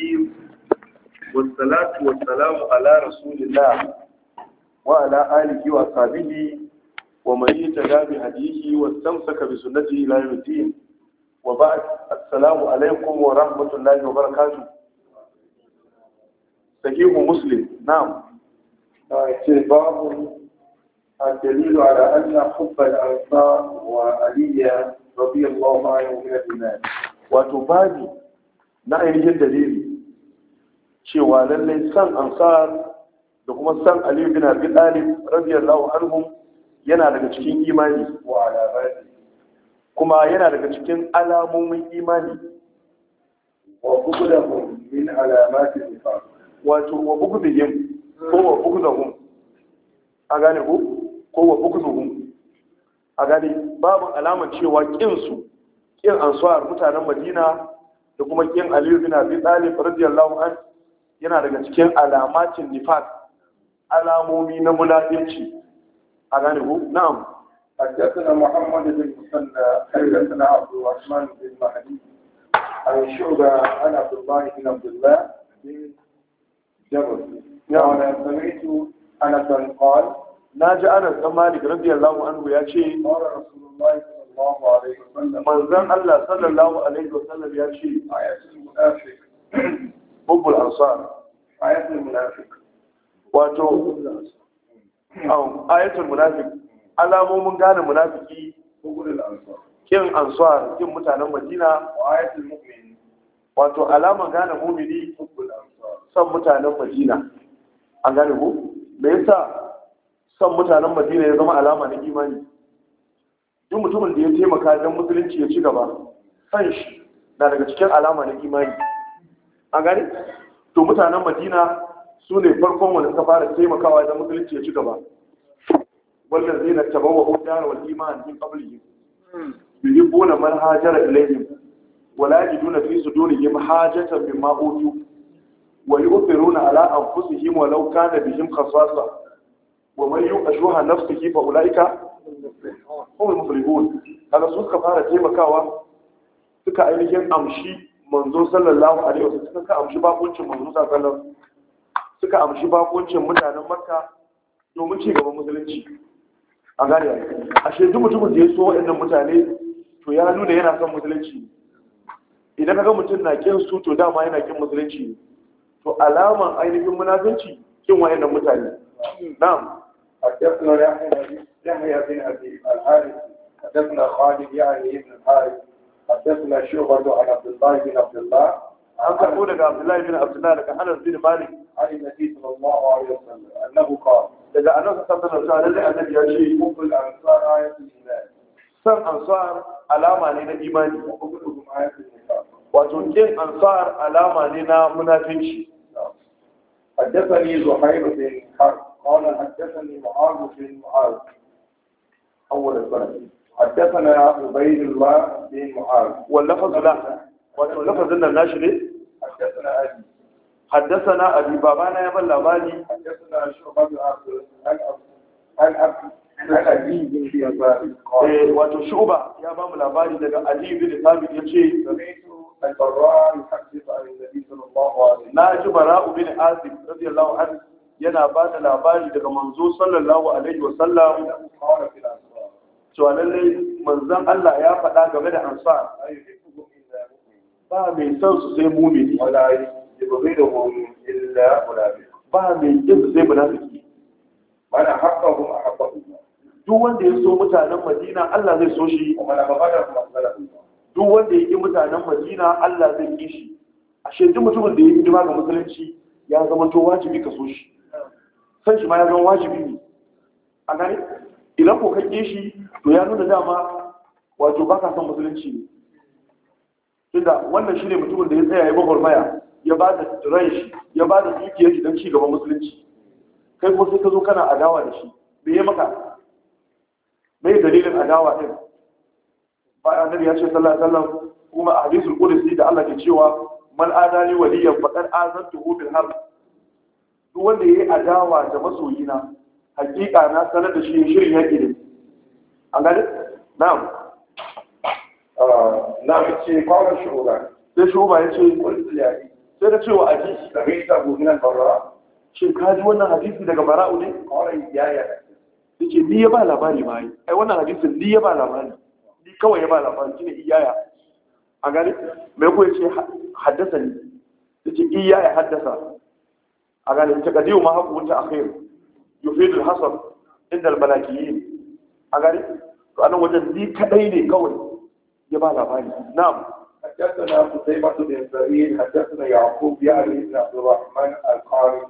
الرحيم والصلاة والسلام على رسول الله وعلى آله وأصحابه ومن يتبع بهديه واستمسك بسنته إلى يوم وبعد السلام عليكم ورحمة الله وبركاته صحيح مسلم نعم باب الدليل على أن حب الأنصار وعلي رضي الله عنه من الإيمان وتبادي نعم الدليل cewa lallai san ansar da kuma san ali bin abi talib radiyallahu anhu yana daga cikin imani wa alamati kuma yana daga cikin alamomin imani wa bugudahum min alamati nifaq wato wa bugudahum ko wa bugudahum a gane ko ko wa bugudahum a gane babu alamar cewa kin su kin ansuwar mutanen madina da kuma kin aliyu bin abi talib radiyallahu anhu yana daga cikin alamacin nifat alamomi na mulaɗinci a gane ku na'am haddathana muhammad bin musalla haddathana abu usman bin mahdi an shuga an abdullahi bin abdullah bin jabal ya wa sami'tu ana san qal na ji anas dan malik radiyallahu anhu ya ce qala rasulullahi sallallahu alaihi wasallam manzon allah sallallahu alaihi wasallam ya ce hubbul ansar ayatul munafiq wato ayatul munafiq alamomin gane munafiki hubbul ansar kin ansar kin mutanen madina ayatul mu'min wato alama gane mu'mini hubbul ansar san mutanen madina an gane ku me yasa san mutanen madina ya zama alama na imani duk mutumin da ya taimaka don musulunci ya ci gaba san shi na daga cikin alama na imani a gani to mutanen madina su ne farkon wanda suka fara taimakawa da musulunci ya ci gaba wannan zai na taba wa hudara wal iman min yi yuhibbuna man hajara ilayhim wala yajiduna fi sudurihim hajatan mimma utu wa yu'thiruna ala anfusihim lauka kana bihim khasasa wa man yu'ashuha nafsihi fa ulaika hum al-muflihun kaga su suka fara taimakawa suka ainihin amshi manzo sallallahu alaihi wasallam suka amshi bakuncin manzo sallallahu alaihi wasallam suka amshi bakuncin mutanen makka domin ci gaban musulunci a gane ashe duk mutum da ya so waɗannan mutane to ya nuna yana son musulunci idan ka ga mutum na kin su to dama yana kin musulunci to alaman ainihin munafunci kin waɗannan mutane na'am حدثنا يحيى بن ابي الحارث حدثنا خالد يعني ابن الحارث حدثنا شعبة عن عبد الله بن عبد الله عن تقول عبد الله بن عبد الله لك أنس بن مالك عن النبي صلى الله عليه وسلم أنه قال إذا أنس صلى الله عليه وسلم الذي يجي حب الأنصار آية الإيمان san ansar alama ne na imani wato kin ansar alama ne na munafinci حدثني زهير بن حرب قال حدثني معاذ بن معاذ أول البلد حدثنا عبيد الله بن معاذ واللفظ لا واللفظ ان الناشي حدثنا ابي حدثنا ابي بابانا يا بلا بالي حدثنا شعبان عن عن wato shuba ya bamu mu labari daga Ali bin Thabit yace na ji bara'u bin azib radiyallahu anhu yana ba da labari daga manzo sallallahu alaihi wasallam cewa lallai manzan Allah ya faɗa game da ansar ba mai son su sai mumini ba mai jin su sai munafiki mana haƙa kuma a haƙa duk wanda ya so mutanen madina Allah zai so shi duk wanda ya ƙi mutanen madina Allah zai ƙi shi a duk mutumin da ya yi hidima ga musulunci ya zama to wajibi ka so shi san shi ma ya zama wajibi ne a gani idan ko kake shi to ya nuna dama wato baka son musulunci ne tunda wannan shine mutumin da ya tsaya ya maya, ya ba da ran shi ya ba da dukiyar shi don ci gaban musulunci kai ko sai ka zo kana adawa da shi me ya maka me dalilin adawa din ba annabi ya ce sallallahu alaihi wasallam kuma a hadisul qudsi da Allah ke cewa man adani waliyan faqad azantuhu bil harb duk wanda yayi adawa da masoyina hakika na sanar da shi shirin yaƙi ne an gani na'am ah, na ce kwanar shugaba sai shugaba ya ce kulli sai da cewa hadisi da bai ta goginan barra shin ka ji wannan hadisi daga bara'u ne kwarai yaya yace ni ya ba labari ma yi ai wannan hadisin ni ya ba labari ni kawai ya ba labari shine iyaya a gani mai kuwa ce haddasa ni yace iyaya haddasa a gani ta kadiyu ma haku wuta akhir يفيد الحصر عند inda al-malakiyin a لي to anan wajen ni kadai حدثنا قتيبة بن سعيد حدثنا يعقوب يعني بن عبد الرحمن القاري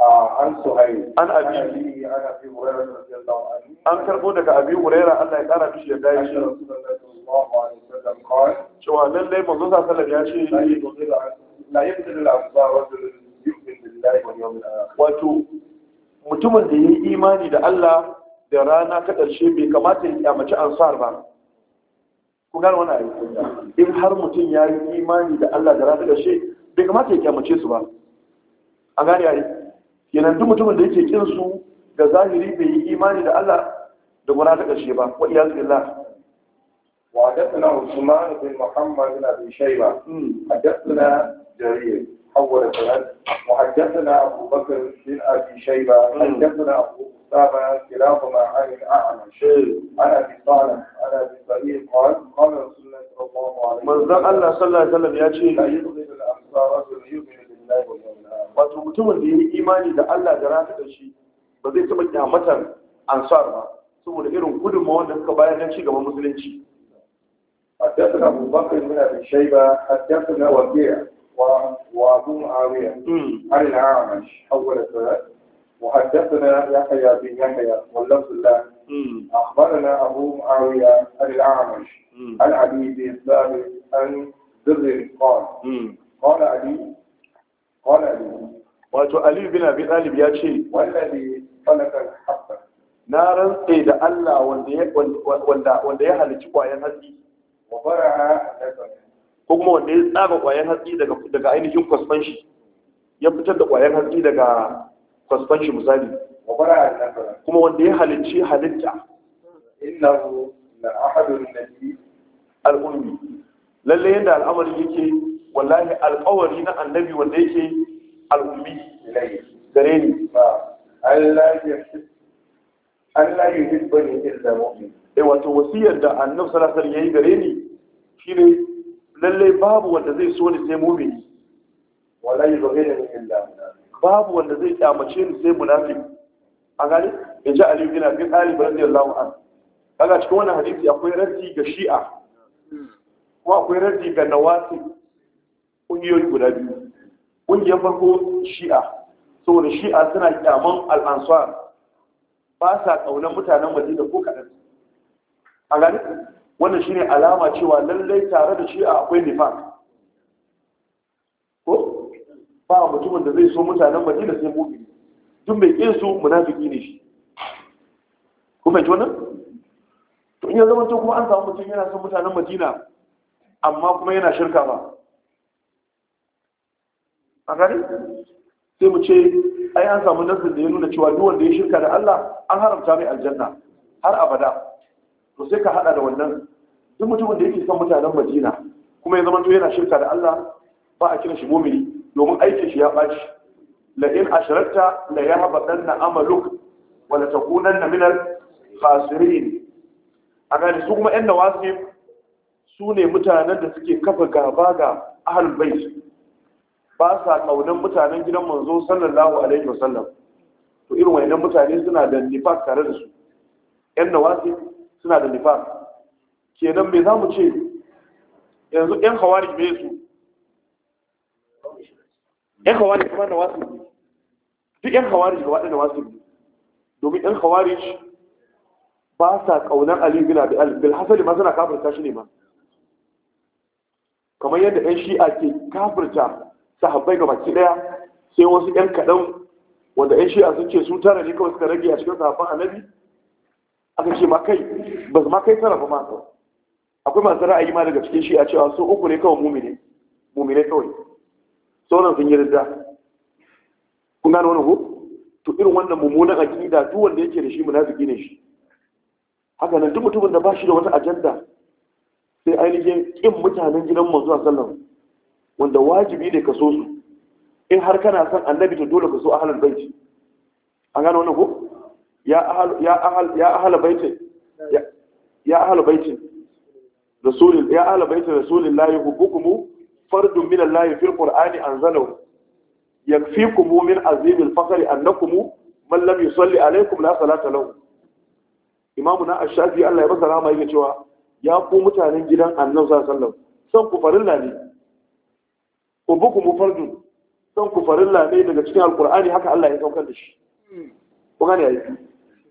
آه، عن سهيل عن أبي عن أبي هريرة رضي الله عنه عن كربونك أبي هريرة أن يقال بشيء دايش رسول الله صلى الله عليه وسلم قال شو هذا اللي منذ صلى الله عليه وسلم لا يقتل الأنصار رجل يؤمن بالله واليوم الآخر mutumin da ya yi imani da Allah da rana ta ƙarshe bai kamata ya kyamaci ansar ba ku gane wani ayi in har mutum ya yi imani da Allah da rana ta ƙarshe bai kamata ya kyamace su ba a gane ayi kenan duk mutumin da yake kin su ga zahiri bai yi imani da Allah da rana ta ƙarshe ba wa iyaz billah وحدثنا عثمان بن محمد بن ابي شيبه حدثنا جرير أول سند وحدثنا أبو بكر بن أبي شيبة حدثنا أبو أسامة كلاهما عن الأعمش عن أبي صالح عن أبي سعيد قال قال رسول الله صلى الله عليه وسلم من ذا الله صلى الله عليه وسلم يأتي لا يؤمن الأمصار رجل يؤمن بالله واليوم الآخر wato mutumin da ya yi imani da Allah da rata da shi ba zai taɓa kyamatar ansar ba saboda irin gudunmawar da suka bayar na ci gaban musulunci حدثنا أبو بكر بن أبي شيبة حدثنا وكيع وأبو معاوية عن الأعمش حول الثلاث وحدثنا يحيى بن يحيى واللفظ له أخبرنا أبو معاوية عن الأعمش عن عدي بن ثابت عن ذر قال قال علي قال علي wato Ali bin Abi Talib ya ce wallahi falakal haqqa na rantse da Allah wanda ya wanda wanda ya halici kwayan hatsi wa fara'a da ko kuma wanda ya tsaba ƙwayar hatsi daga ainihin kwasfanshi ya fitar da ƙwayar hatsi daga kwasfanshi misali kuma wanda ya halicci halitta innahu la ahadun nabi yadda al'amari yake wallahi alƙawari na annabi wanda yake al'ummi gare ni Allah mu'min eh wato wasiyar da annabi salasar ya yi gare ni ne. lallai babu wanda zai so ni sai mumini wallahi ba zai da illa babu wanda zai kyamace ni sai munafiki a gani ya ji aliyu bin abi talib radiyallahu anhu kaga cikin wannan hadisi akwai raddi ga shi'a kuma akwai raddi ga nawasi kungiyoyi guda biyu kungiyar farko shi'a saboda shi'a suna kyaman al'ansuwa. ba sa ƙaunar mutanen da ko kaɗan a gani wannan shine alama cewa lallai tare da shi akwai nifaq ko ba mutumin da zai so mutanen madina sai mu'mini duk mai kin su munafiki ne shi ku fahimci wannan to in ya zama to kuma an samu mutum yana son mutanen madina amma kuma yana shirka ba a gari sai mu ce ai an samu nasu da ya nuna cewa duk wanda ya shirka da Allah an haramta mai aljanna har abada to sai ka hada da wannan duk mutumin da yake son mutanen madina kuma ya zama to yana shirka da Allah ba a kira shi mumini domin aikin shi ya baci la in ashrakta la yahbatanna amaluk wa la takunanna min al khasirin a gani su kuma yan nawasi su ne mutanen da suke kafa gaba ga ahal bait ba sa kaunan mutanen gidan manzo sallallahu alaihi wasallam to irin wayannan mutane suna da nifaq tare da su yan nawasi suna da nifas kenan me za mu ce yanzu yan hawari mai su yan hawari kuma na wasu ne duk yan hawari ga waɗanda wasu ne domin yan hawari ba sa ƙaunar aliyu bin abi alif bil hasali ma suna kafirta shi ne ma kamar yadda yan shi'a ke kafirta haɓai ga baki ɗaya sai wasu yan kaɗan wanda yan shi'a sun ce su tara ne kawai suka rage a cikin sahabban annabi aka ce ma kai ba su kai sarrafa ma akwai masu ra'ayi ma daga cikin shi a cewa su uku ne kawai mumine mumine kawai sauran sun yi ridda kun gano wani ko to irin wannan mummunan aqida duk wanda yake da shi munafiki ne shi haka nan duk mutumin da ba shi da wata ajanda sai ainihin ƙin mutanen gidan manzo sallan wanda wajibi ne ka so su in har kana son annabi to dole ka so bai bait an gano wannan ko ya ahal ya ahal ya ahal baiti ya ahal baiti rasulil ya ahal baiti rasulillahi hubbukum fardun min allahi fil qur'ani anzalahu yakfikum min azim al fakhr annakum man lam yusalli alaykum la salata lahu imamu na ash-shafi Allah ya masa rahama yake cewa ya ku mutanen gidan annabi sallallahu alaihi san ku farilla ne hubbukum fardun san ku farilla ne daga cikin alqur'ani haka Allah ya saukar da shi ku gane yayi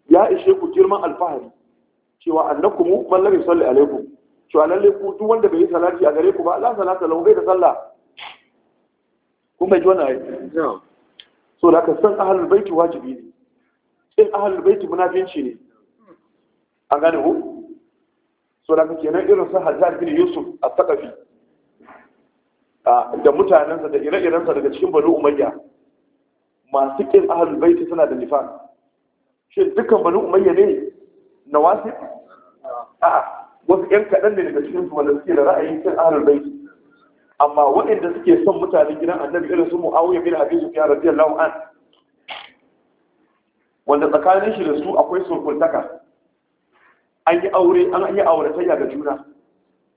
ya ishe ku girman alfahari cewa annaku mu lam salli alaikum cewa lalle ku duk wanda bai yi salati a gare ku ba Allah salata lahu bai da sallah kun mai jona ai so da ka san ahlul baiti wajibi ne in ahlul baiti munafinci ne an gane ku so da ka kenan irin sa Hajjaj bin Yusuf at-Taqafi da mutanensa da ire-irensa daga cikin banu Umayya masu kin ahlul baiti suna da nifaq shi dukkan bani umayya ne na wasu a'a wasu yan kaɗan ne daga cikin wanda suke da ra'ayin cin ahlul bait amma waɗanda suke son mutanen gidan annabi irin su muawiya bin abi sufyan radiyallahu an wanda tsakanin shi da su akwai sulhuntaka an yi aure an yi auratayya ga juna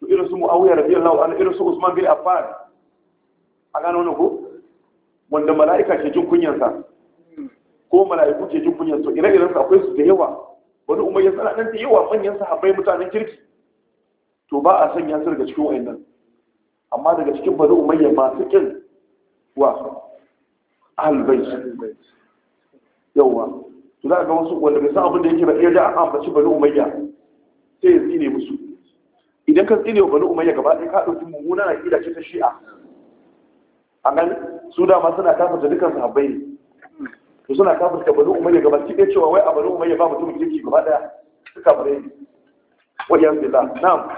to irin su muawiya radiyallahu an irin su usman bin affan a gano ne ko wanda mala'ika ke jin kunyansa ko mala'iku ke jin kunyar su ire-iren su akwai su da yawa wani umar ya sana nan da yawa manyan sahabbai mutanen kirki to ba a sanya su daga cikin wayannan amma daga cikin bani umayya masu kin wa ahlul yawa to za ga wasu wanda bai san abin da yake ba iya da an ambaci bani umayya sai ya tsine musu idan ka tsine wa bani umayya gaba ɗaya ka ɗauki na aƙida ce ta shi'a a nan su dama suna tafasa dukkan sahabbai ne to suna kafirka bani umayya gaba ki cewa wai a bari umayya ba mutum kirki gaba daya suka bari wajen wa yan billah na'am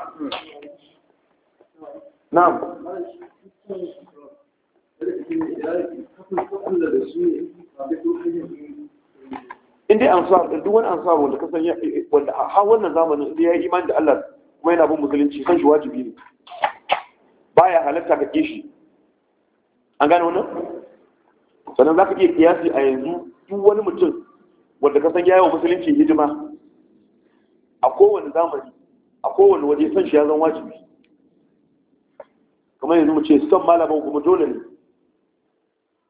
na'am in an sa duk wani sa wanda ka sanya wanda a wannan zamanin da ya yi imani da Allah kuma yana bin musulunci san shi wajibi ne baya halatta ka kishi an gane wannan sannan za ka iya kiyasi a yanzu duk wani mutum wanda ka san yawon musulunci hidima a kowane zamani a kowane waje san shi ya zan wajibi kamar yanzu mu ce son malaman kuma dole ne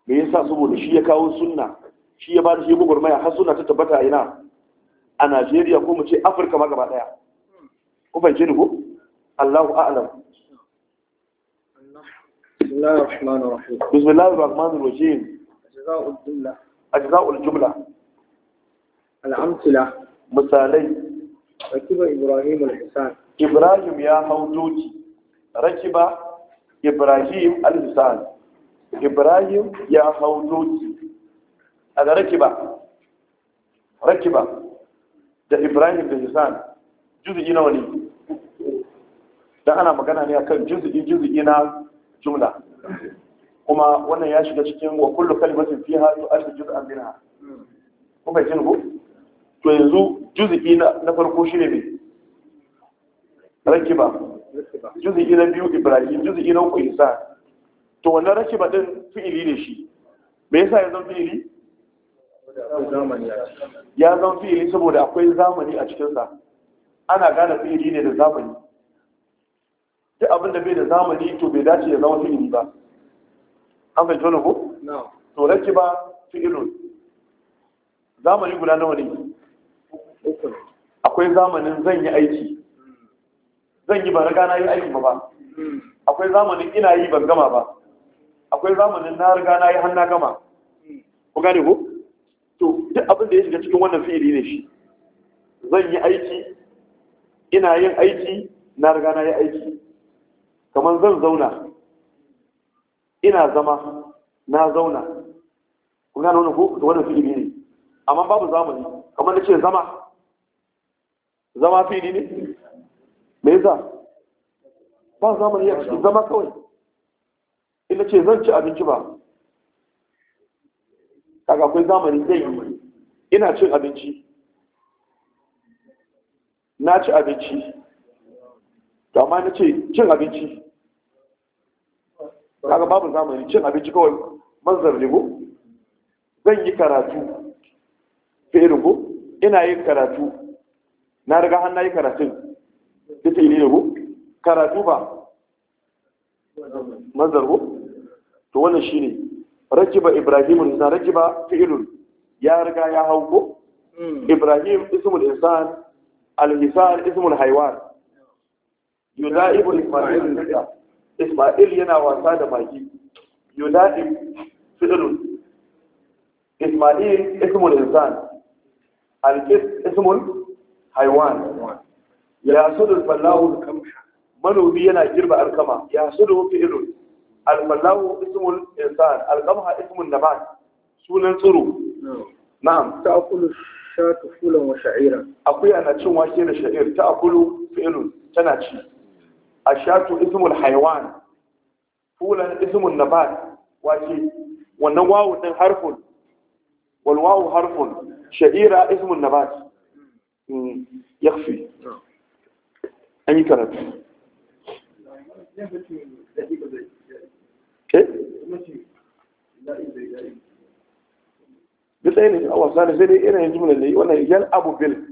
me yasa saboda shi ya kawo sunna shi ya bada shi ya gwagwarmaya har suna ta tabbata ina a Najeriya ko mu ce Afirka ma gaba daya ku fahimce ni ko Allahu a'alam. بسم الله الرحمن الرحيم بسم الله الرحمن الرحيم ajza'ul jumla ajza'ul jumla misalai ibrahim ya hau doki rakiba ibrahim ya hau doki a ga rakiba da ibrahim da hisan juzu'i nawa magana ne akan juzu'i juzu'i na jumla kuma wannan ya shiga cikin wa kullu kalimatin fiha tu'addu juz'an minha ko bai jin ko to yanzu juz'i na farko shine me rakiba juz'i na biyu ibrahim juz'i na uku isa to wannan rakiba din fi'ili ne shi me yasa ya zama fi'ili ya zama fi'ili saboda akwai zamani a cikinsa ana gane fi'ili ne da zamani duk abin da bai da zamani to bai dace ya zama fi'ili ba an fahimci wani ku? to raki ba fi'ilun zamani guda nawa ne akwai zamanin zan yi aiki hmm. zan yi ba riga na yi aiki ba ba hmm. akwai zamanin ina yi ban gama ba akwai zamanin na riga na yi hannu gama hmm. ku gane ku? to duk abin da ya shiga cikin wannan fi'ili ne shi zan yi aiki ina yin aiki na riga na yi aiki kamar zan zauna ina zama na zauna kun gane wannan wani wannan fi'ili ne amma babu zamani kamar na ce zama zama fi'ili ne me yasa ba zamani ya zama kawai ina ce zan ci abinci ba kaga akwai zamani zai yi ina cin abinci na ci abinci to amma na ce cin abinci kaga babu zamani cin abinci kawai Man zarri ko zan yi karatu fi'ilin ko ina yin karatu na riga har na yi karatun da ne ne ko karatu ba Man ko to wannan shine rajiba ibrahim na rajiba fi'ilun ya riga ya hau ko hmm. ibrahim ismul insan al-insan ismul haywan yudaibu al-fa'il isma'il yana wasa da magi yudadi fi'lun isma'il ismul insan alqis ismul haywan ya sudu fallahu kamsha manubi yana girba alkama ya sudu fi'lun alfallahu ismul insan alqamha ismun nabat sunan tsuru na'am ta'kulu shatu fulan wa sha'ira akwai ana cin wake da sha'ir ta'kulu fi'lun tana ci الشات اسم الحيوان فولا اسم النبات واجي والنواو حرف والواو حرف شئيرة اسم النبات يخفي أي كلام بتاني أو سالس زي إيه نجمع اللي وانا يجال أبو بيل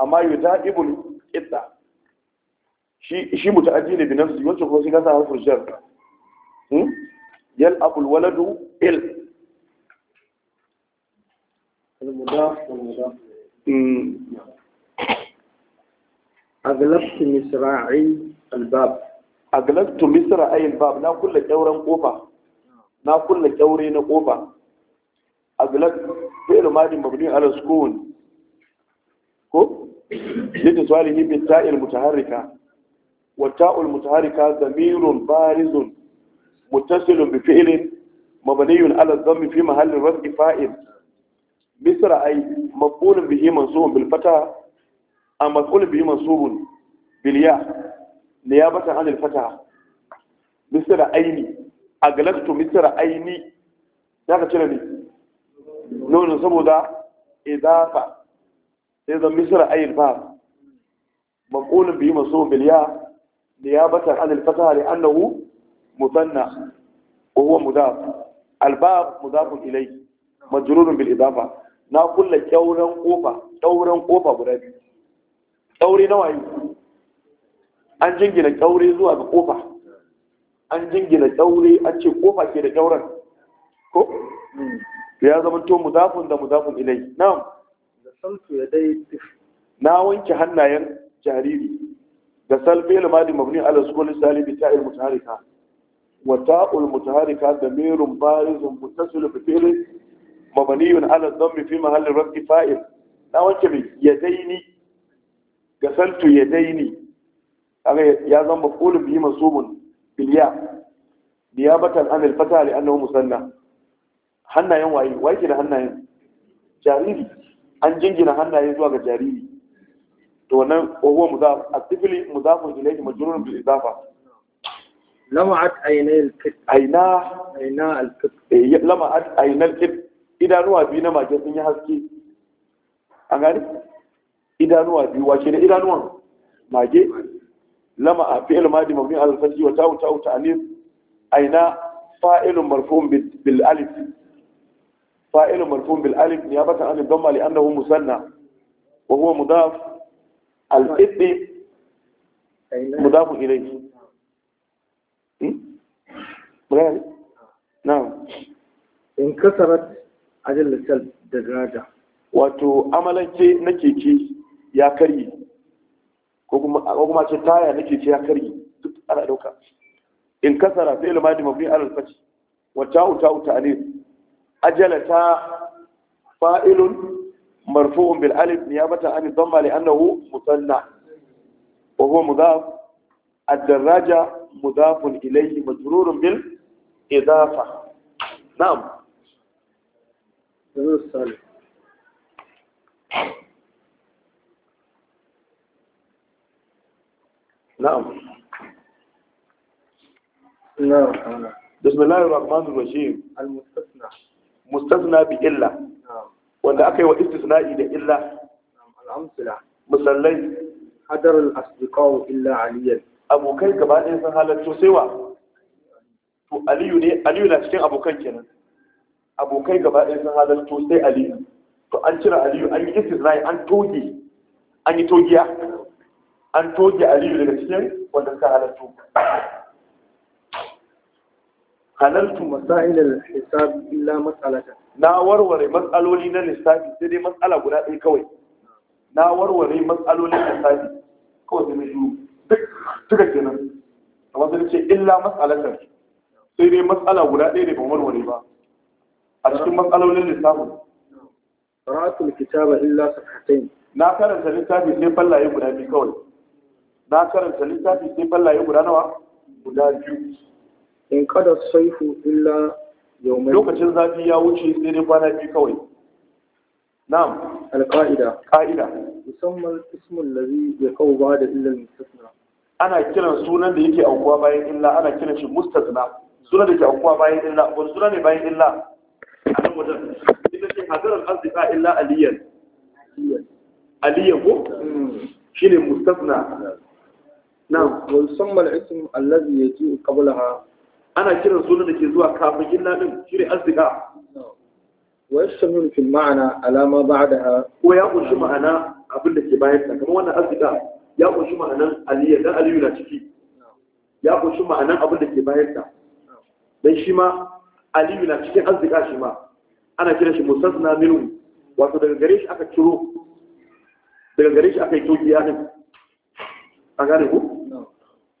أما يجال إبل إتا shi mutu aji ne binar su yiwuwa cikin gasa harfin shan hmm? yal abul waladu il hmm. agalaktu misra'i albab agalaktu misra'i albab na kulle kyauren kofa na kulle kyaure na kofa agalaktu fi ilmadin babbanin alaskowin ko yadda tsohari ne bin ta'il mutu والتاء المتحركة ضمير بارز متصل بفعل مبني على الضم في محل رفع فاعل مصر أي مفعول به منصوب بالفتح أم مفعول به منصوب بالياء نيابة عن الفتح مصر أيني أغلقت مصر أيني ذاك تلني نون سبودا إضافة إذا مصر أي الباب مفعول به منصوب بالياء نيابة عن الفتاة لأنه مثنى وهو مضاف الباب مضاف إليه مجرور بالإضافة na kulla kyauran kofa kyauran kofa guda biyu kyaure an jingina kyaure zuwa ga kofa an jingina kyaure an ce kofa ke da kyauran ko ya zama to mudafun da mudafun ilai na wanke hannayen jariri da salfi lamadi mabni ala sukun salibi ta'il mutaharika wa ta'ul mutaharika damirun barizun muttasil bi fi'l mabniyun ala dhammi fi mahalli raf'i fa'il na wanke bi yadaini gasaltu yadaini kaga ya zan maf'ulun bihi mansubun bil ya niyabatan an al-fata li annahu musanna hannayen waye waye ke da hannayen jariri an jingina hannaye zuwa ga jariri to wannan huwa mudaf asifili mudafun ilayhi majrurun bil idafa lama'at aynal kit ayna ayna al kit eh, lama'at aynal idanuwa biyu na mage sun yi haske an gani idanuwa biyu wace ne idanuwan mage lama'a fi'il madi mabni al fathi wa ta'u ta'u ta'nif ayna fa'ilun marfu'un bil alif fa'ilun marfu'un bil alif niyabatan an dhamma li annahu musanna wa huwa mudaf mu mudafu ilai bayani hmm? na'am in kasarat ajal sal da daraja wato amalance na keke ya karye ko kuma ce taya na keke ya karye duk ana dauka in kasara sai ilmadi mabni alal fathi wa ta'u ta'u ta'anif ajalata fa'ilun مرفوع بالالف نيابه عن الضمه لانه مثنى وهو مضاف الدراجه مضاف اليه مجرور بالاضافه نعم الصالح نعم نعم بسم الله الرحمن الرحيم المستثنى مستثنى بإلا نعم wanda aka yi wa istisna'i da illa al'amsila musallai hadar al-asdiqaw illa aliyan abokai gaba ɗaya sun halarci sai wa to aliyu ne aliyu na cikin abokan kenan abokai gaba ɗaya sun halarci sai aliyu to an cire aliyu an yi istisna'i an toge an yi togiya an toge aliyu daga cikin wanda suka halarci halartu masailal hisab illa mas'alatan na warware matsaloli na lissafi sai dai matsala guda ɗaya kawai na warware matsaloli na lissafi kawai sai na shuru duk duka kenan a sai ce illa matsalatar sai dai matsala guda ɗaya da ba warware ba a cikin matsalolin lissafi qira'atul kitaba illa safhatayn na karanta lissafi sai fallaye guda biyu kawai na karanta lissafi sai fallaye guda nawa guda biyu in kada saifu illa lokacin zafi ya wuce sai dai kwana biyu kawai na'am alqaida qaida musamman ismul ladhi ba da illa mustasna ana kiran sunan da yake aukuwa bayan illa ana kiran shi mustasna sunan da yake aukuwa bayan illa wani sunan ne bayan illa a nan wajen ita ce hadarar arzika illa aliyan aliyan ko hmm. shine mustasna na'am wa yusamma al-ism allazi yaji'u qablaha ana kiran sunan da ke zuwa kafin illa din shi ne asdiqa wa sami fil ma'ana alama ha ko ya kunshi ma'ana abin da ke bayan ta kamar wannan arzika ya kunshi ma'anan aliyya dan aliyu na ciki ya kunshi ma'anan abin da ke bayan ta dan shi ma aliyu na cikin arzika shi ma ana kiran shi musasna minu wato daga gare shi aka ciro daga gare shi aka yi tokiya din an gane ku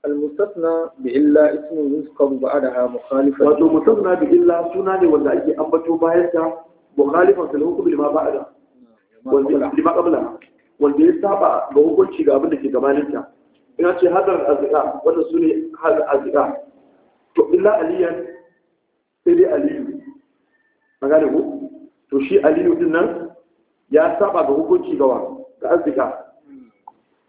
المستثنى بإلا اسم يذكر بعدها مخالفا وتو مستثنى بإلا سنة ولا أي أنبتو بايتا مخالفا في لما بعدها لما قبلها wanda ya saba ga hukunci ga abin da ke gabaninta ina ce hadar azika wanda su ne hadar azika to illa aliyan sai dai aliyu a ku to shi aliyu din ya saba ga hukunci gawa ga azika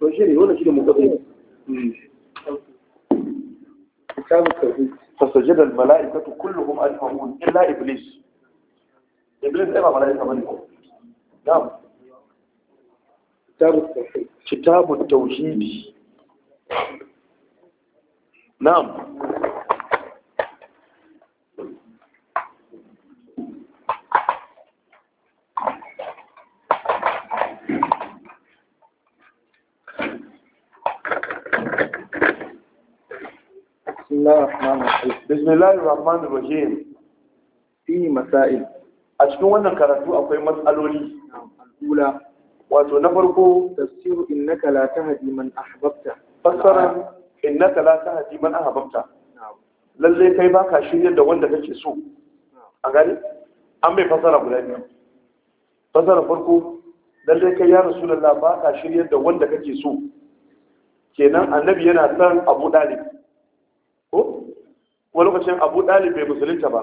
to shi ne wannan shi ne kitabu fasajada al mala'ikatu kulluhum ajma'un illa iblis iblis ba mala'ika bane na'am kitabu tauhid kitabu tauhid na'am bismillahir rahmanir rahim fi masail a cikin wannan karatu akwai matsaloli al'ula wato na farko tafsiru innaka la tahdi man ahbabta fassara innaka la tahdi man ahbabta lalle kai baka shiryar da wanda kake so a gani an bai fassara guda biyu fassara farko lalle kai ya rasulullah baka shiryar da wanda kake so kenan annabi yana san abu dalib ko wani lokacin abu dalib bai musulunta ba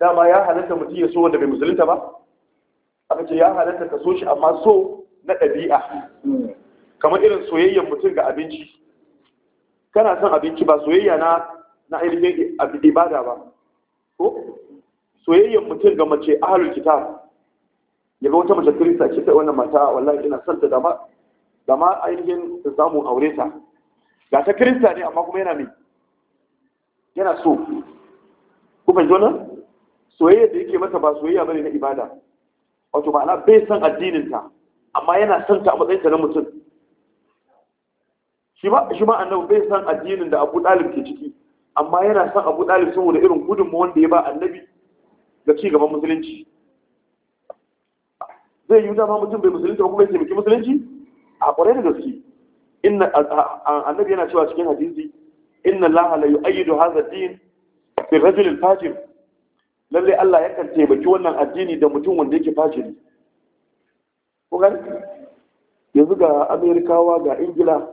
dama ya halatta mutum ya so wanda bai musulunta ba aka ce ya halatta ka so shi amma so na ɗabi'a kamar irin soyayyar mutum ga abinci kana son abinci ba soyayya na na ainihin ibada ba ko soyayyar mutum ga mace ahalul kitab ya ga wata mace kirista ce ta wannan mata wallahi ina son ta da ma ainihin samun aure ta ga ta kirista ne amma kuma yana mai yana so ku fahimci wannan soyayya da yake mata ba soyayya bane na ibada wato ma'ana bai san addinin ta amma yana son ta a matsayin ta na mutum shi ma shi ma annabi bai san addinin da Abu Dalib ke ciki amma yana son Abu Talib saboda irin mu wanda ya ba annabi ga ci gaban musulunci zai yi dama mutum bai musulunci ba kuma ya taimaki musulunci a kwarai da gaske inna annabi yana cewa cikin hadisi inna allaha la yu'ayyidu hadha ad-din bi rajulin fajir lalle Allah ya kance taimaki wannan addini da mutum wanda yake fajiri ko ga yanzu ga amerikawa ga ingila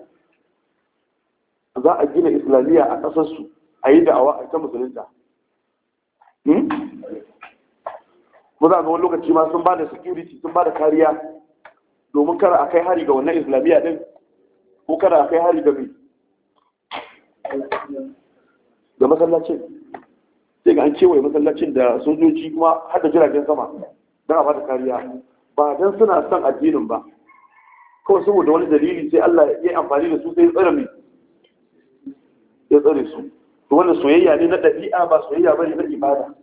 za a gina islamiyya a ƙasarsu a yi da'awa a ta musulunta hmm? ko za a ga wani lokaci ma sun ba da security sun ba da kariya domin kara a kai hari ga wannan islamiyya din ko kara a kai hari ga mai ga masallacin sai ga an kewaye masallacin da sojoji kuma har da jiragen sama don a bada kariya ba don suna son addinin ba kawai saboda wani dalili sai Allah ya yi amfani da su sai tsare mai ya tsare su to wannan soyayya ne na ɗabi'a ba soyayya ba ne na ibada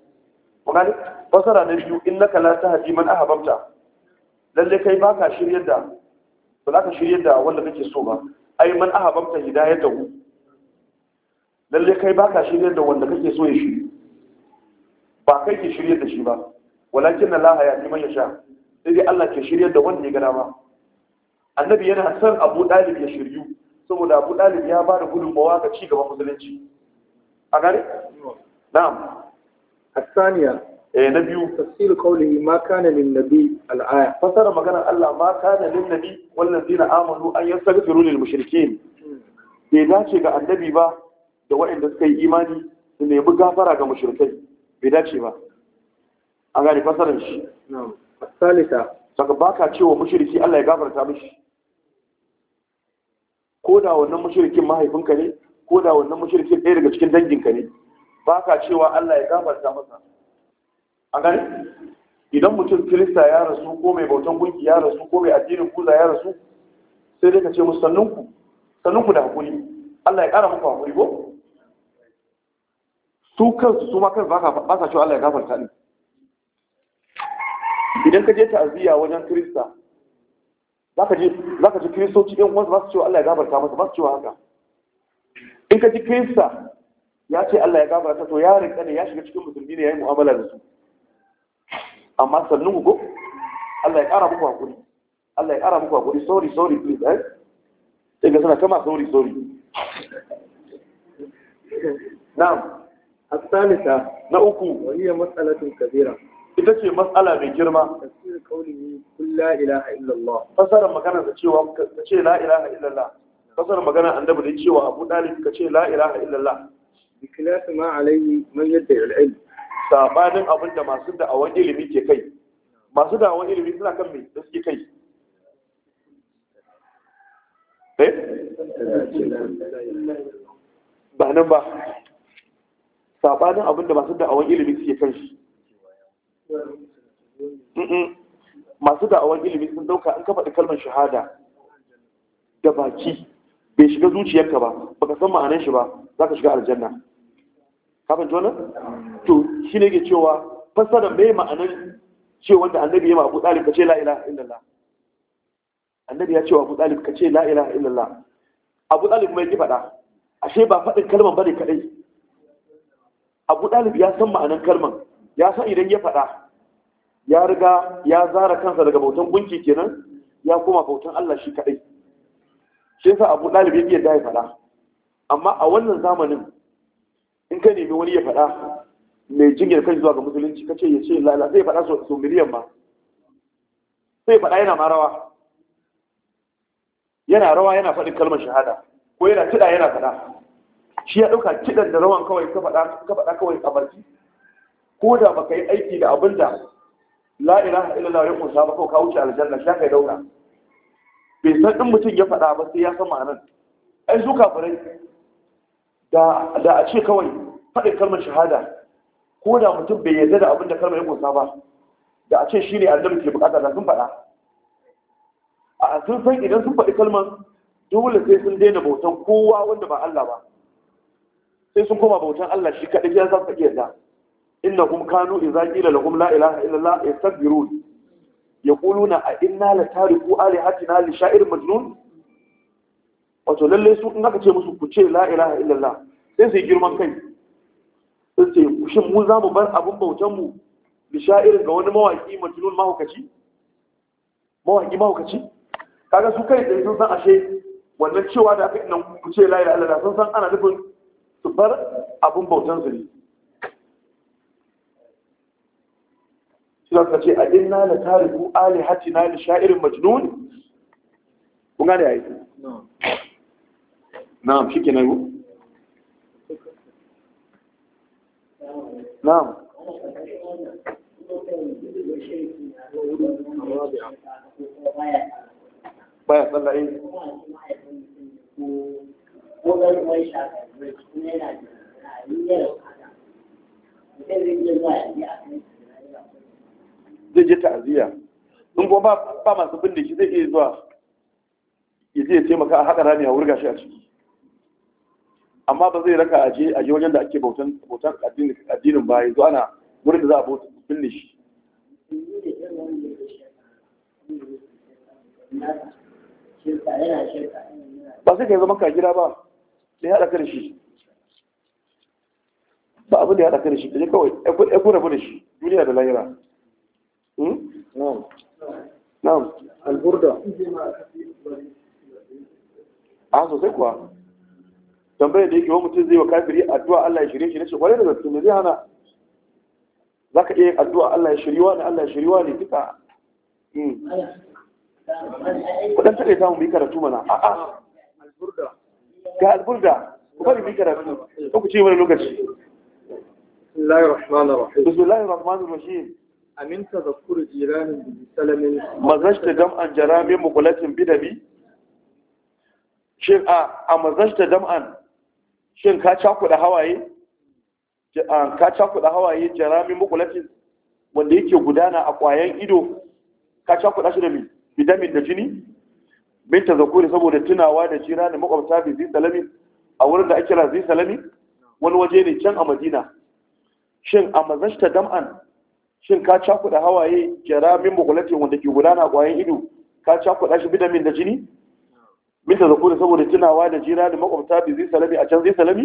kuma fasara na biyu in naka la Haji man ahbabta lalle kai baka shiryar da ba za ka shiryar da wanda kake so ba ai man ahbabta hidayatahu lalle kai baka shirye da wanda kake so ya shiri ba kai ke shirye da shi ba walakin na laha ya neman ya sha sai dai Allah ke shirye da wanda ya gana ma annabi yana son abu dalib ya shiryu saboda abu dalib ya ba da gudunmawa ga ci gaban musulunci a gare na'am asaniya eh na biyu tafsir qawlihi ma kana lin nabi al aya fasara magana Allah ma kana lin nabi wannan zina amanu an yastaghfiru lil mushrikeen hmm. bai dace ga annabi ba da waɗanda suka yi imani su nemi gafara ga mashirkai bai dace ba A gani fasarar shi salisa saka baka cewa mashirki Allah ya gafarta mashi ko da wannan mashirkin mahaifinka ne ko da wannan mashirkin ɗaya daga cikin danginka ne baka cewa Allah ya gafarta masa a gani. idan mutum kirista ya rasu ko mai bautan gunki ya rasu ko mai addinin kuza ya rasu sai dai ka ce musu sannunku sannunku da hakuri Allah ya ƙara muku hakuri ko su kansu su makar kan ba sa cewa Allah ya gafarta ne idan ka je ta'aziyya wajen Kirista za ka ji Kiristoci ɗin wasu ba su cewa Allah ya gafarta masa ba su cewa haka in ka ji Kirista ya ce Allah ya gafarta to ya rinka ne ya shiga cikin musulmi ne ya yi mu'amala da su amma sannu ko Allah ya ƙara muku hakuri Allah ya ƙara muku hakuri sorry sorry please eh sai ga suna kama sorry sorry na'am الثالثة نأكو وهي مسألة كبيرة ita ce mas'ala mai girma fasarar magana da cewa ka ce la ilaha illallah fasarar magana annabi da wa abu dalib ka ce la ilaha illallah bi kilafi ma alayhi yadda ilmi sabanin abin masu da'awan ilimi ke kai masu da'awan ilimi suna kan mai da kai ba nan ba sabanin abin da masu da'awan ilimi suke kan shi masu da'awan ilimi sun dauka an ka faɗi kalmar shahada da baki bai shiga zuciyarka ba baka san ma'anar shi ba za ka shiga aljanna kafin jona to shi ne ke cewa fassara mai ma'anar ce wanda annabi ya ma abu ɗalib ka ce illallah annabi ya ce wa abu ɗalib ka ce illallah abu mai ki faɗa ashe ba faɗin kalmar bane kaɗai abu ɗalib ya san ma'anan kalman ya san idan ya faɗa ya riga ya zara kansa daga bautan gunki kenan ya koma bautan Allah shi kaɗai shi yasa abu ɗalib ya yarda ya faɗa amma a wannan zamanin in ka nemi wani ya faɗa mai jinyar kan zuwa ga musulunci kace ya ce lala zai faɗa so miliyan ma sai faɗa yana ma rawa yana rawa yana faɗin kalmar shahada ko yana tuɗa yana faɗa shi ya ɗauka kiɗan da rawan kawai ka faɗa kawai a barci ko da baka yi aiki da abin da la'ira a illallah ya kusa ba kawai ka wuce aljanna shi ka ɗauka bai san ɗin mutum ya faɗa ba sai ya san ma'anar ai su kafirai da da a ce kawai faɗin kalmar shahada ko da mutum bai yarda da abin da kalmar ya kusa ba da a ce shi ne annabi ke buƙata da sun faɗa a sun san idan sun faɗi kalmar dole sai sun daina bautan kowa wanda ba Allah ba sai sun koma bautan Allah shi kaɗai ya za su iya da inna kum kanu idza qila lahum la ilaha illa allah yastakbirun yaquluna a inna la tariku alihatina li sha'ir majnun wato lalle su in aka ce musu ku ce la ilaha illa sai su yi girman kai Sun ce shin mu za mu bar abun bautan mu li sha'ir ga wani mawaki majnun mahaukaci mawaki mahaukaci kaga su kai da sun san ashe wannan cewa da aka nan ku ce la ilaha illa sun san ana nufin su bar abin bautan su ne suna kace ce a inna la tariku ali na da sha'irin majnun kun gane yayi na'am shikenan ku na'am baya sallah eh? zai iya zuwa ya zai taimaka a haɗa rami a wurga shi a ciki amma ba zai raka aje aje wajen da ake bautan bautan addinin ba ba yanzu ana wurin da za a bauta binne shi ba sai ka yi zama ka gida ba da ya haɗa kan shi ba abin da ya haɗa shi da shi kaje kawai ya kuna bude shi duniya da lahira hmm? na'am alburda a sosai kuwa tambayar da yake wa mutum zai wa kafiri addu'a Allah ya shirye shi nace kwarai da gaske ne zai hana Za ka iya addu'a Allah ya shiriwa ne Allah ya shiriwa ne duka hmm. kudan tare ta mu bi karatu mana a'a a ga alburda kuma bari bi karatu ku ce mana lokaci بسم الله amin tazakkur jiranin bi salamin mazashta jam'an jarabi muqulatin bidabi shin a a mazashta jam'an shin ka cakuda hawaye ka cakuda hawaye jarabi muqulatin wanda yake gudana a ƙwayan ido ka cakuda shi da mi bidamin da jini min zakuri saboda tunawa da jiranin makwabta bi zi salami a wurin da ake kira zi salami wani waje ne can a madina shin a mazashta dam'an shin ka cakuɗa hawaye min bukulatin wanda ke gudana ƙwayan ido ka cakuɗa shi bidamin da jini min da saboda tunawa da jira da makwabta bi zai salami a can zai salami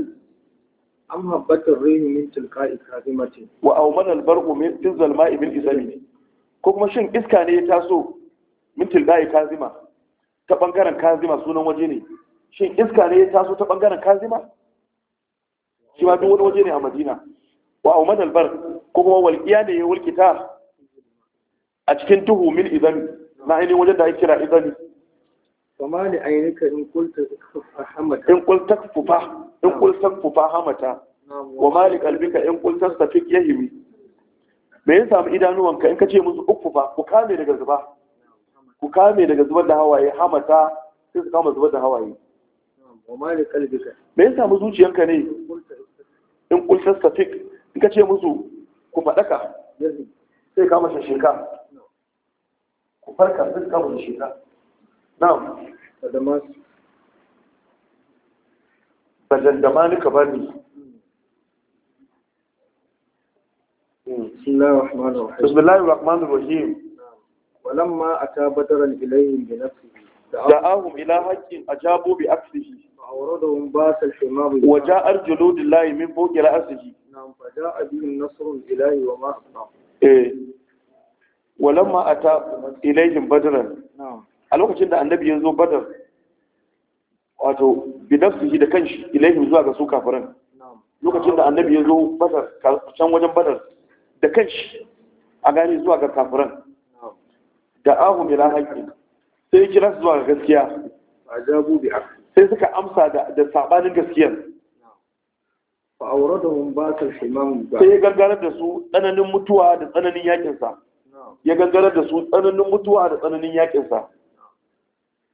an habbatar rihi min tilka'i kazimati wa awman albarqu min tinzal ma'i bil izami ko kuma shin iska ne ya taso min tilka'i kazima ta bangaren kazima sunan waje ne shin iska ne ya taso ta bangaren kazima shi ma duk wani waje ne a madina wa umar albar ko kuma walƙiya ne ya walƙita a cikin tuhu min idan, na ainihin wajen da ya kira idan. kama ne ainihin in kulta hamata in kulta fufa hamata wa mali kalbika in kulta ya yahimi me ya samu idanuwanka in ka ce musu ba ku kame daga zuba ku kame daga zubar da hawaye hamata sai su kama zubar da hawaye me ya samu zuciyanka ne in kulta safik ka ce musu ku faɗaka sai ka mashi shirka ku farka sai ka mashi shirka na mu bajan dama ni ka ba ni bismillahi rahman rahim ولما اتى بدرا a بنفسه دعاهم الى حق اجابوا باكله فاوردهم باس الشمام وجاء الجلود الله من فوق راسه جاء به النصر الإلهي وما أصنع a lokacin da annabi ya zo badar wato binafsihi da kanshi ilaihim zuwa ga su kafiran lokacin da annabi ya zo badar can wajen badar da kanshi a gane zuwa ga kafiran da ahum ila haƙƙi sai ya kira su zuwa ga gaskiya sai suka amsa da sabanin gaskiyar fa auradahum basal himam sai ya gangarar da su tsananin mutuwa da tsananin yakin sa ya gangarar da su tsananin mutuwa da tsananin yakin sa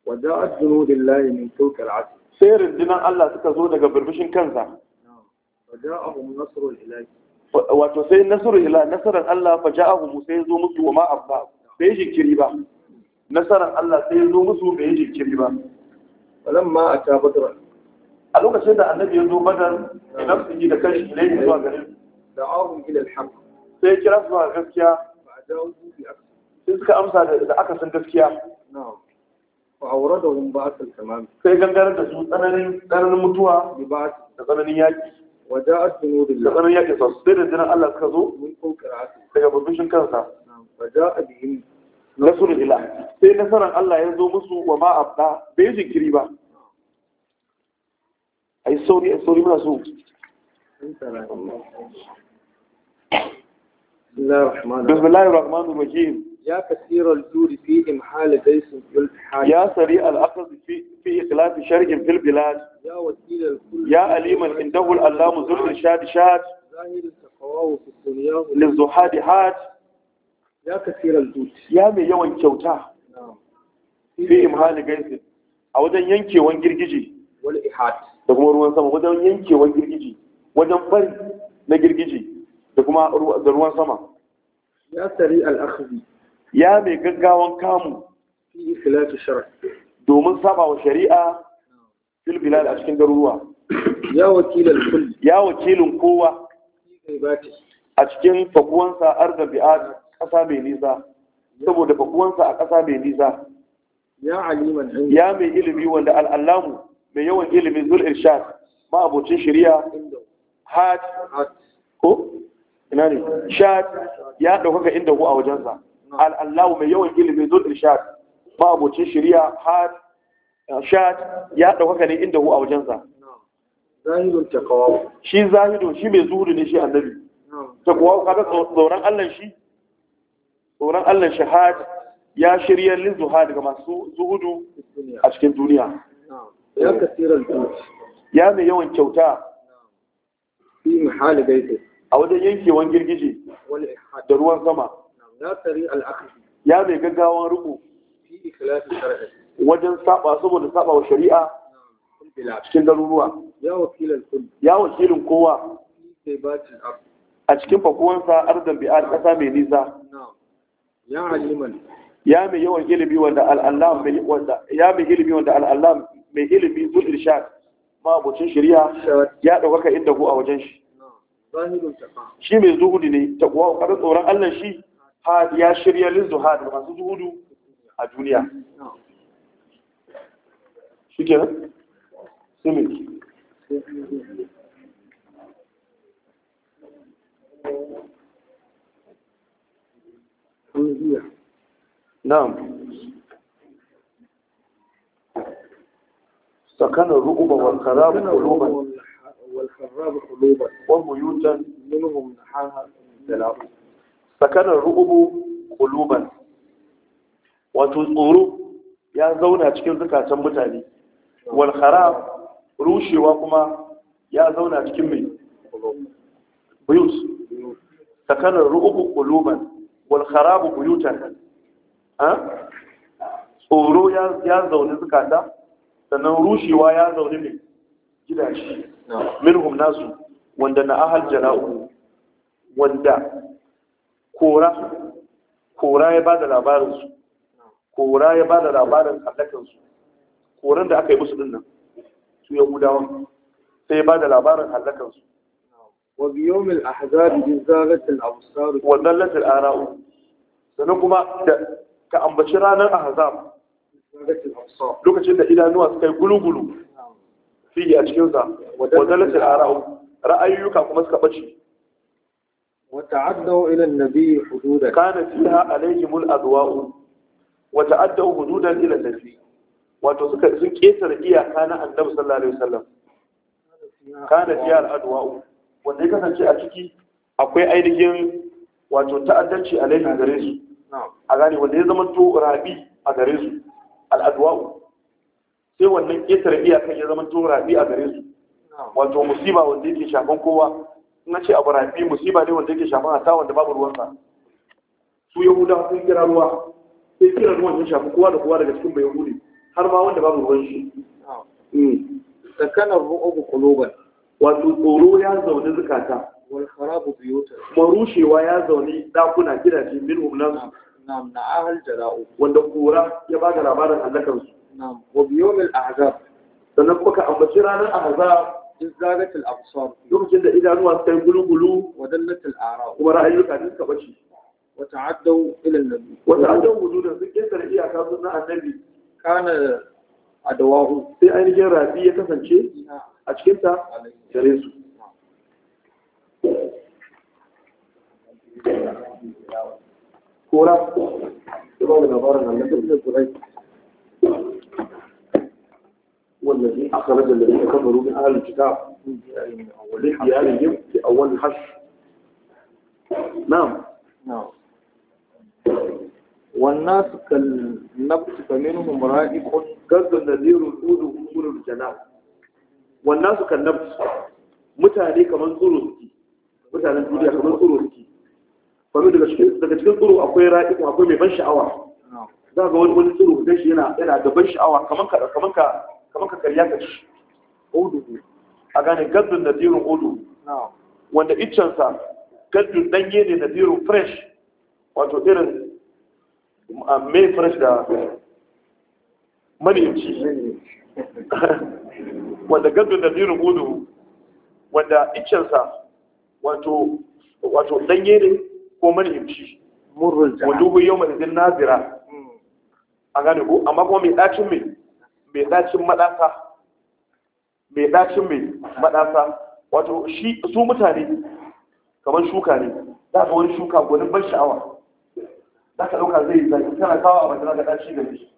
wa ja'at junudillahi min fawqi al'asr sai rundunan Allah suka zo daga burbushin kansa wa ja'ahum nasrul ilahi wato sai nasrul ilahi nasaran Allah fa ja'ahum sai zo musu wa ma abba bai jinkiri ba nasaran Allah sai ya zo musu bai jinkiri ba walamma ata badran a lokacin da annabi ya zo badar idan su yi da kanshi ilayhi zuwa garin da ahun sai kira su gaskiya sai suka amsa da aka san gaskiya na'am fa awradahum ba'atul tamam sai gangarar da su tsananin tsananin mutuwa bi ba da tsananin yaki da tsananin yaki sai da jiran Allah suka zo mun kokara daga burbushin kansa waja'a bihim nasrulillah sai nasaran Allah ya zo musu wa ma abda bai jinkiri ba ai sauri ai sauri muna so بسم الله الرحمن الرحيم يا كثير الجود في إمحال بيس في الحال يا سريع الأخذ في في إخلاف شرع في البلاد يا وكيل الكل يا أليم عنده الألام ذو الشاد شاد ظاهر تقواه في الدنيا للزحاد حاج يا كثير الجود يا من يوم كوتا نعم. في إمحال بيس أو دن ينكي وان جرجي والإحاد da kuma ruwan sama wajen yankewar girgiji wajen bari na girgiji da kuma da ruwan sama ya tsari al'akhzi ya mai gaggawan kamu domin saba wa shari'a filfila a cikin garuruwa ya wakilin kowa a cikin fakuwansa arda a kasa mai nisa saboda fakuwansa a kasa mai nisa ya ya mai ilimi wanda al'allamu mai yawan ilimi zul irshad ma abocin shari'a hajj ko ina ne shad ya dauka inda ku a wajensa al Allah mai yawan ilimi zul irshad ma abocin shari'a hajj shad ya dauka ne inda ku a wajensa zahidun takawa shi zahidun shi mai zuhudu ne shi annabi takawa kaga tsoron Allah shi tsoron Allah shi hajj ya shirya lin zuhad ga masu zuhudu a cikin duniya ya mai yawan kyauta a wajen yankewan girgije da ruwan sama ya mai gaggawan riko wajen saba saboda saba wa shari'a cikin garuruwa ya wakilin kowa a cikin fakuwansa arzan bi'ar ƙasa mai nisa ya mai yawan ilimi wanda al'allam ya mai ilimi wanda al'allam mai ilimi zul irshad ma shari'a ya ɗaukaka inda ku a wajen shi shi mai zuhudu ne ta kuwa ƙarar tsoron allah shi ya shirya lin zuhad masu zuhudu a duniya shi ke nan? na'am سكن الرؤوب والخراب قلوبا والخراب قلوبا وبيوتا منهم نحاها السلام سكن الرؤوب قلوبا wato tsoro ya zauna cikin zukatan mutane wal kharab rushewa kuma ya zauna cikin mai buyut sakanar ru'ubu quluban wal kharab buyutan tsoro ya zauna zukata sannan rushewa ya zaune gida shi, minhum nasu wanda na ahal jana'u wanda kora kora ya bada labarinsu kora ya bada labarin halakansu koran da aka yi musu dinnan su gudawa sai ya bada labarin halakansu su wa biyawmil ahzab bi zalatil absar wa dallatil ara'u sannan kuma ka ambaci ranar ahzab lokacin da idanuwa suka yi gulugulu fiye a cikinsa wadda lati ra'ayu ra'ayuka kuma suka ɓace wata addawo ilan nabi wato suka sun ƙetare iyaka na annabi sallallahu alaihi wasallam kana fiya al'adwa'u wanda ya kasance a ciki akwai ainihin wato ta'addanci alaihi gare su a gane wanda ya zama to rabi a gare su al'adwa'u sai wannan ƙetare iyakan ya zama to rafi a gare su wato musiba wanda yake shafan kowa na ce abu rafi musiba ne wanda yake shafan hata wanda babu ruwansa su yahuda sun kira ruwa sai kira ruwan ya shafi kowa da kowa daga cikin bai yahudi har ma wanda babu ruwan shi tsakanin hmm. ru'ubu kuluban wato tsoro ya zaune zukata wal kharabu biyutan kuma rushewa ya zaune dakuna gidaje min umnan na'am na ahal jala'u wanda kura ya bada labarin halakan su na'am wa biyawmil ahzab sannan kuma ka ambaci ranar ahzab in zagatil absar lokacin da idanuwa suka yi gulugulu wa dallatil ara kuma ra'ayyuka din ka bace wa ta'addaw ila annabi wa ta'addaw wujudan sun kesa iyaka sun na annabi kana adawahu sai ainihin rafi ya kasance a cikinta gare su Thank you. kura kuma daga fara da zai kura wanda da lalata kan baro min ahalin cika wani yi a awal hash na'am na'am da zai rufu da wannan sukan na mutane kamar tsoro suke mutanen duniya kamar tsoro suke kwami daga cikin tsoro akwai kuma akwai mai ban sha'awa za ga wani tsoro da shi yana da ban sha'awa kamar ka kamar ka kamar ka karya ka ci odu a gane gaddun nadirin odu wanda iccen sa gaddun danye ne nadirin fresh wato irin mai fresh da maniyanci wanda gaddun nadirin odu wanda iccen sa wato wato danye ne ko manhimci wadubu yau mai zin nazira hmm. a gane ko amma kuma mai ɗacin mai mai ɗacin maɗasa mai ɗacin mai maɗasa wato shi su mutane kamar shuka ne za ka wani shuka gwanin ban sha'awa za ka ɗauka zai zai tana kawo a mata ga ɗaci da shi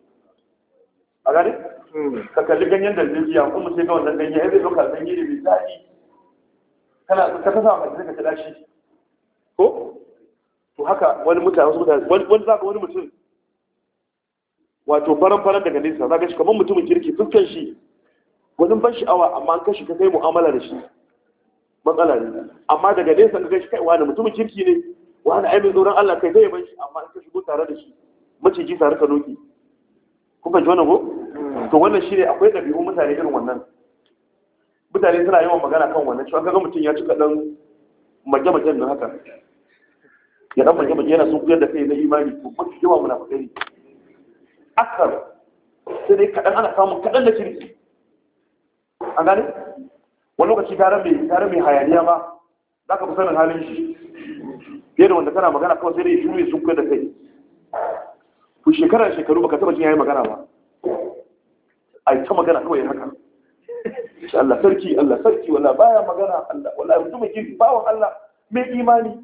a gane hmm. ka kalli ganyen da dalilin ya kuma sai ga wannan ganyen ya zai ɗauka ganye ne mai daɗi kana ka kasa a mata ga ɗaci ko to haka wani mutane wasu mutane wani za ka wani mutum wato faran faran daga nesa za ka shi kamar mutumin kirki fuskan shi wani ban sha'awa amma an kashi ka kai mu'amala da shi matsala ne amma daga nesa ka shi kai wani mutumin kirki ne wani ai mai tsoron Allah kai zai ban shi amma an kashi ko tare da shi maciji tare ka doki kun fahimci wannan ko hmm. to wannan shi ne akwai ɗabi'un mutane irin wannan mutane suna yawan magana kan wannan cewa kaga mutum ya cika kaɗan mace-macen nan haka ya dan bage bage yana sun koyar da kai na imani to mafi yawa muna ne akar sai dai kaɗan ana samun kaɗan da kirki a gane wani lokaci gara mai gara mai hayaniya ma za ka fi sanin halin shi fiye da wanda kana magana kawai sai dai shiru ya sun koyar da kai ku shekara shekaru baka taba jin yayi magana ba ai ta magana kawai haka Allah sarki Allah sarki wala baya magana Allah wala mutum ke bawon Allah mai imani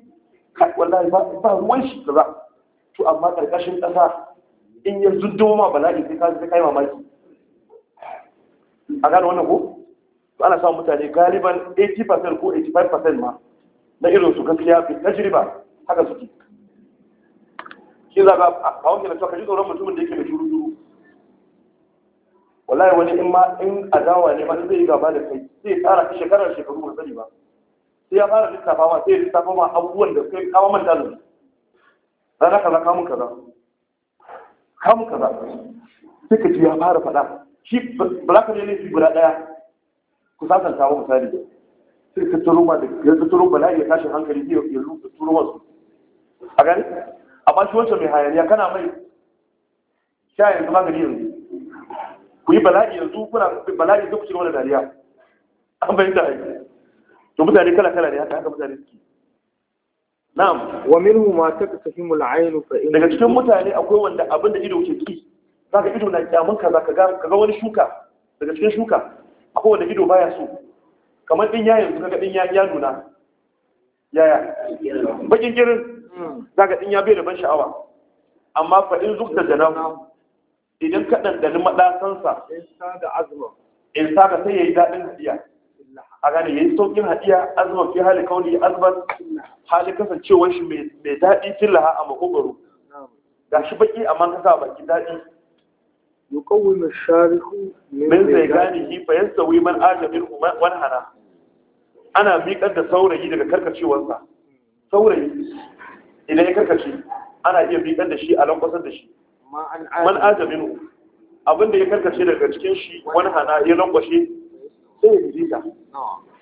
kai wallahi ba ruwan shi kaza to amma karkashin kasa in ya zuddo ma bala'i sai ka kai mamaki a gano wannan ko to ana samun mutane galiban 80% ko 85% ma na irin su gaskiya fi tajriba haka suke shi za ka kawo ke da cewa kaji tsoron mutumin da yake da shuru shuru wallahi wani in ma in adawa ne ma zai yi gaba da kai zai tsara shekarar shekaru ba sani ba sai ya fara lissafa ma sai ya lissafa ma abubuwan da kai kawo manta da rana kaza kamun kaza kamun kaza sai ka ji ya fara faɗa shi ba za ka ne nufi guda ɗaya ku sasanta wa misali sai ka turo ma da ya turo bala'i ya tashi hankali ya turo wasu a gani ba shi wancan mai hayaniya kana mai sha yanzu magani yanzu ku yi bala'i yanzu kuna bala'i duk shi wani dariya an bayyana aiki to mutane kala kala ne haka haka mutane suke na'am wa minhu ma taktahimu al-ayn fa in daga cikin mutane akwai wanda abinda ido ke ki zaka ido na kyamun ka zaka ga kaga wani shuka daga cikin shuka akwai wanda ido baya so kamar din ya yanzu kaga din ya ya nuna yaya bakin girin zaka din ya bai da ban sha'awa amma fa in zukta nan idan ka dandani madasansa in sa da azma in sa ka sai yayi dadin hadiya a gane yayi saukin hadiya azuma fi hali kauni azman hali kasancewa shi mai daɗi fillaha a makogaro ga shi baki amma ka sa baki daɗi zai الشارح من زيغانه sauri man آج منه hana. Ana miƙar da saurayi daga karkacewarsa saurayi idan ya karkace ana iya miƙar da shi a lankwasar da shi man aja minhu abinda ya karkace daga cikin shi wani hana ya lankwashe sai ya guje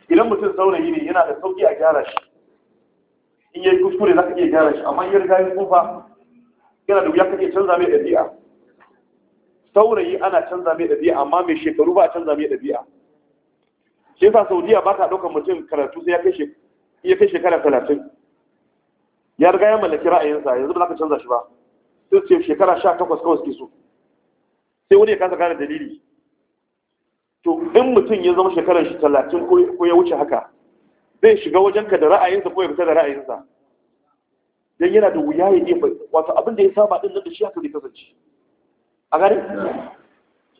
idan mutum saurayi ne yana da sauki a gyara shi in yayi kuskure za ka iya gyara shi amma in ya riga ya yana da wuya ka iya canza mai ɗabi'a saurayi ana canza mai ɗabi'a amma mai shekaru ba a canza mai ɗabi'a shi yasa saudiya ba ta ɗaukar mutum karatu sai ya kai shekara talatin ya riga ya mallaki ra'ayinsa yanzu ba za ka canza shi ba sai ce shekara sha takwas kawai suke so sai wani ya kasa gane dalili in mutum ya zama shekarar shi talatin ko ya wuce haka zai shiga wajenka da ra'ayinsa ko ya fita da ra'ayinsa don yana da wuya ya iya wato abin da ya saba ɗin da shi haka zai kasance a gari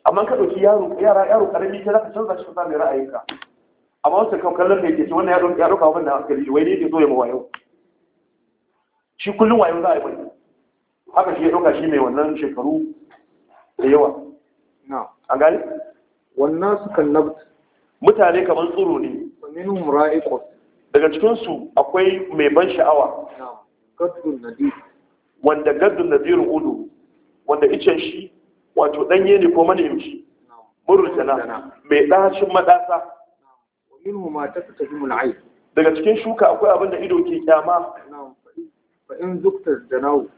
amma ka ɗauki yaro yara yaro karami ta zaka canza shi ka mai ra'ayinka amma wasu kan kallon da yake ce wannan yaro ya ɗauka wannan hankali wai ne yake zo ya ma wayo shi kullum wayo za a yi mai haka shi ya ɗauka shi mai wannan shekaru da yawa a gari wannan su kallabt mutane kamar tsoro ne daga cikin su akwai mai ban sha'awa nadir wanda gaddun nadirun udu wanda icen shi wato danye ne ko manimci murjana mai dacin madasa minhum ma tastajimul ayn daga cikin shuka akwai abin da ido ke kyama fa in da janawu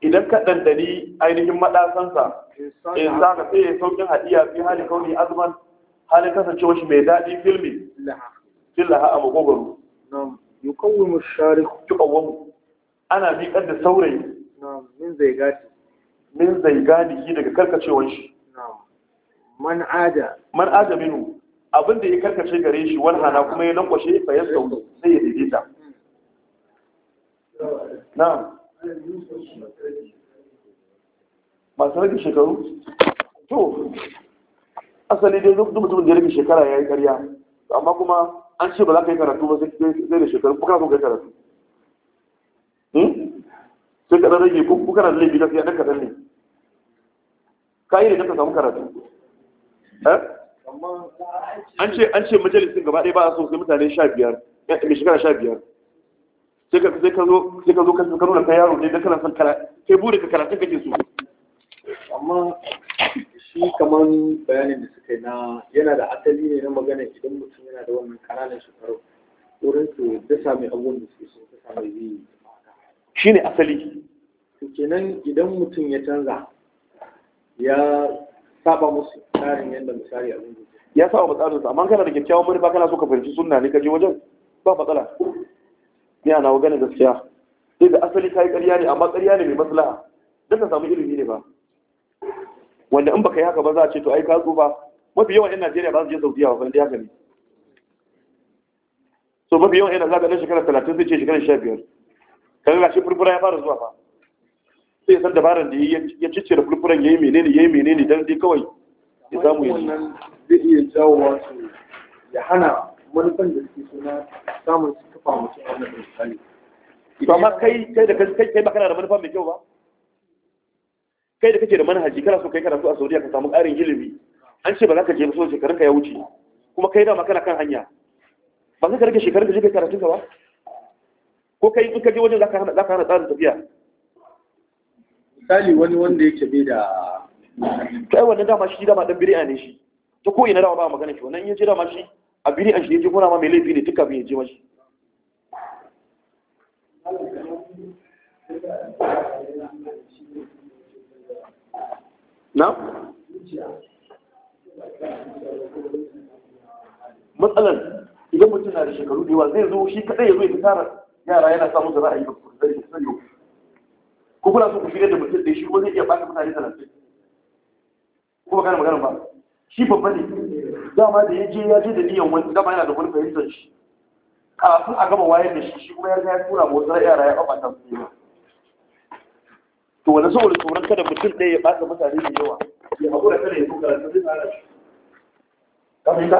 idan ka ɗanɗani ainihin maɗasansa in eh, za ka sai ya sauƙin hadiya fi hali kauni azman halin kasancewa shi mai daɗi filmi fillaha a magogoro yukawwimu sharik tukawwamu ana miƙar da saurayi min gadi min zaigati daga karkacewar shi man aja man aja minu abin da ya karkace gare shi wani hana kuma ya lankwashe fa ya sau sai ya daidaita hmm. na'am masu rage shekaru to asali dai duk mutumin da ya rage shekara ya yi karya amma kuma an ce ba za ka yi karatu ba sai da shekaru kuka ka yi karatu hmm? sai ka ɗan rage ko kuka na laifi gaskiya ɗan kaɗan ne ka yi da ka samu karatu eh? an ce an ce majalisin gaba ɗaya ba a so sai mutane sha biyar eh, mai shekara sha biyar sai ka zo sai ka da ka yaro dai da kana son kara sai buri ka karatu kake so amma shi kamar bayanin da suka yi na yana da asali ne na magana idan mutum yana da wannan kananan shekaru wurin su dasa mai abubuwan da suke so dasa mai yi shi ne asali to kenan idan mutum ya canza ya saba musu tsarin yadda misali abin ya saba matsalinsa amma kana da kyakkyawan manufa kana so ka fahimci sunna ne ka je wajen ba matsala ni ana wagana gaskiya sai da asali ta yi ƙarya ne amma ƙarya ne mai maslaha dan ka samu ilimi ne ba wanda in baka yi haka ba za a ce to ai ka ba, mafi yawan yan Najeriya ba su je Saudiya ba sai haka ne so mafi yawan yan zaga dan shekara talatin sai ce biyar 15 ga shi furfura ya fara zuwa fa sai ya san dabaran da ya cice da furfuran yayi menene yayi menene dan dai kawai ya samu yi wannan zai iya jawo wasu ya hana manufan da suke suna samun su kai kai da kai kai ba kana da manufa mai kyau ba kai da kake da manhaji kana so kai karatu a Saudiya ka samu ƙarin ilimi an ce ba za ka je ba so shekarun ka ya wuce kuma kai dama kana kan hanya ba za ka rage shekarun ka je kai karatun ka ba ko kai in ka je wajen za ka hana tsarin tafiya misali wani wanda yake bai da kai wannan dama shi dama dan biri'a ne shi ta ko ina dama ba magana shi wannan in ya je dama shi a biri'an shi ne je kuna ma mai laifi ne duka bai je mashi na? matsalar idan mutum na da shekaru da yawa zai zo shi kadai ya zo ya tara yara yana samun da ra'ayi ba ku zai ku sani ku kuna so ku shirya da mutum da shi kuma zai iya ba ka mutane talatin ko ba kana magana ba shi babba ne dama da ya je ya je da niyan wani dama yana da wani fahimtar shi kafin a gama wayar da shi shi kuma ya riga ya tura motsar yara ya ɓaɓa ta su yawa to wani saboda tsoron kada mutum ɗaya ya ɓata mutane da yawa ya haƙura kada ya zo karatu zai tsara shi ka fahimta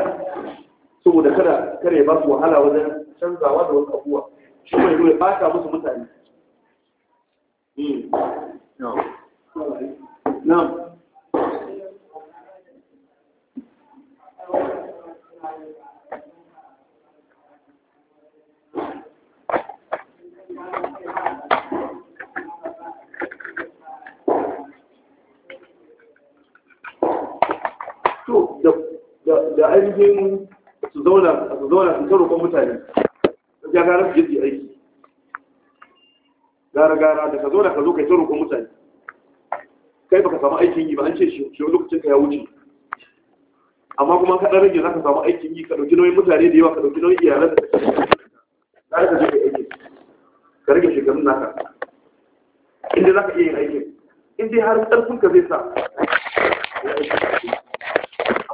saboda kada kada ya ba su wahala wajen canzawa da wasu abubuwa shi mai zo ya ɓata musu mutane hmm. na'am da ainihin su zauna su zauna su karo mutane ya gara su jirgi aiki gara gara da ka zauna ka zo kai taro kan mutane kai baka samu aikin yi ba an ce shi lokacin ka ya wuce amma kuma ka dan rage ka samu aikin yi ka ɗauki nauyin mutane da yawa ka ɗauki nauyin iyalan da kake gara ka je kai ka rage shekarun naka inda za ka iya yin aikin in dai har karfin ka zai sa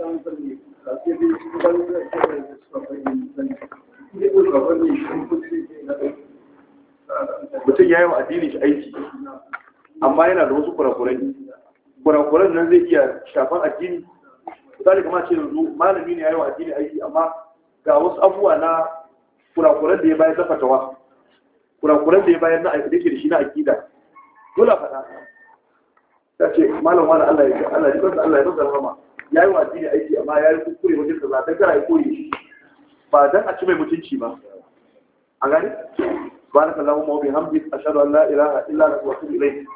mutum ya yi wa addinin shi aiki amma yana da wasu kurakurai kurakuran nan zai iya shafan addini misali kama ce yanzu malami ne ya yi wa addini aiki amma ga wasu abubuwa na kurakuran da ya bayan na fatawa kurakuran da ya bayan na aiki da ke da shi na akida dole faɗa ta ce malam wani allah ya ji kansa allah ya kansa rama ya yi wa addini aiki amma ya yi kuskure wajen kaza ta kara ya koyi shi ba don a ci mai mutunci ba a gani ba na kallon mawabi hamdi a shaɗu an la'ira a illa da kuwa su ilai